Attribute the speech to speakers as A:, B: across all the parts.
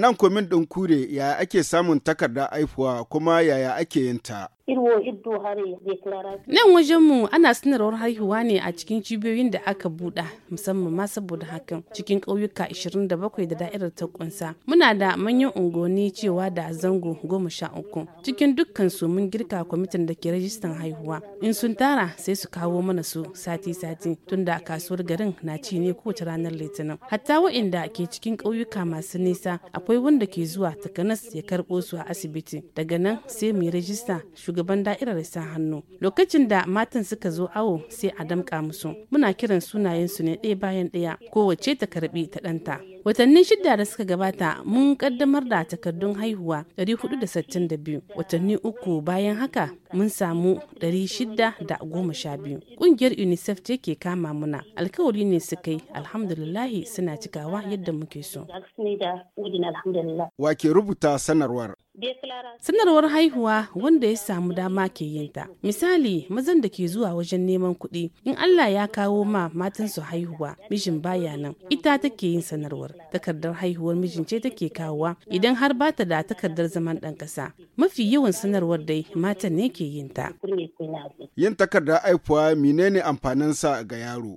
A: nan komin ɗin kure yaya ake samun takarda aifuwa kuma yaya ake yin ta?
B: irwo iddo hare declaration. Nan wajenmu ana sanarwar haihuwa ne a cikin cibiyoyin da aka buɗa musamman ma saboda hakan cikin ƙauyuka 27 da da'irar ta kunsa. Muna da manyan unguwanni cewa da zango goma sha uku. Cikin dukkan su mun girka kwamitin da ke rajistan haihuwa. In sun tara sai su kawo mana su sati-sati tunda kasuwar garin na ci ne kowace ranar litinin. Hatta wa'inda ke cikin ƙauyuka masu nisa akwai wanda ke zuwa takanas ya karɓo su a asibiti. Daga nan sai mu yi rajista shugaban da'irar sa hannu lokacin da matan suka zo awo sai a damƙa musu muna kiran sunayen su ne ɗaya bayan ɗaya kowace ta karbi ta ɗanta watanni shida da suka gabata mun kaddamar da takardun haihuwa 462 watanni uku bayan haka mun samu 612 kungiyar unicef ce ke kama muna alkawari ne su kai alhamdulillahi suna cikawa yadda muke so
A: wake rubuta sanarwar
B: Sanarwar haihuwa wanda ya samu dama ke yinta. Misali, mazan da ke zuwa wajen neman kuɗi, in Allah ya kawo ma matansu haihuwa, mijin baya nan, ita take yin sanarwar. Takardar haihuwar mijin ce take kawowa idan har ba ta da takardar zaman ɗan ƙasa. Mafi yawan sanarwar dai matan ne ke yinta.
A: Yin takarda haihuwa menene amfaninsa ga yaro?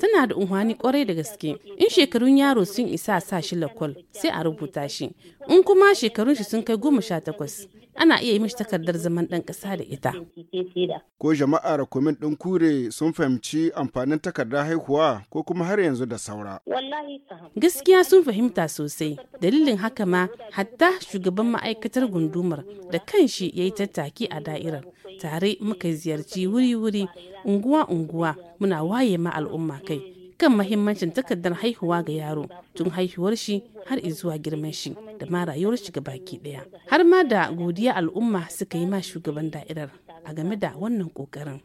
B: Tana da unhwani kwarai da gaske. In shekarun yaro sun isa sa shi lakol, sai a rubuta shi. in kuma shekarun shi sun kai goma sha takwas ana iya yi mishi takardar zaman ɗan ƙasa da ita.
A: Ko jama'ar kumin ɗin kure sun fahimci amfanin takarda haihuwa ko kuma har yanzu da saura.
B: Gaskiya sun fahimta sosai dalilin haka ma hatta shugaban ma'aikatar gundumar da kanshi ya yi tattaki a da'irar tare muka ziyarci wuri-wuri unguwa-unguwa muna waye ma al'umma kai kan mahimmancin takardar haihuwa ga yaro tun haihuwar shi har zuwa girman shi da ma rayuwar shi baki daya har ma da godiya al'umma suka yi ma shugaban da'irar a game da wannan kokarin.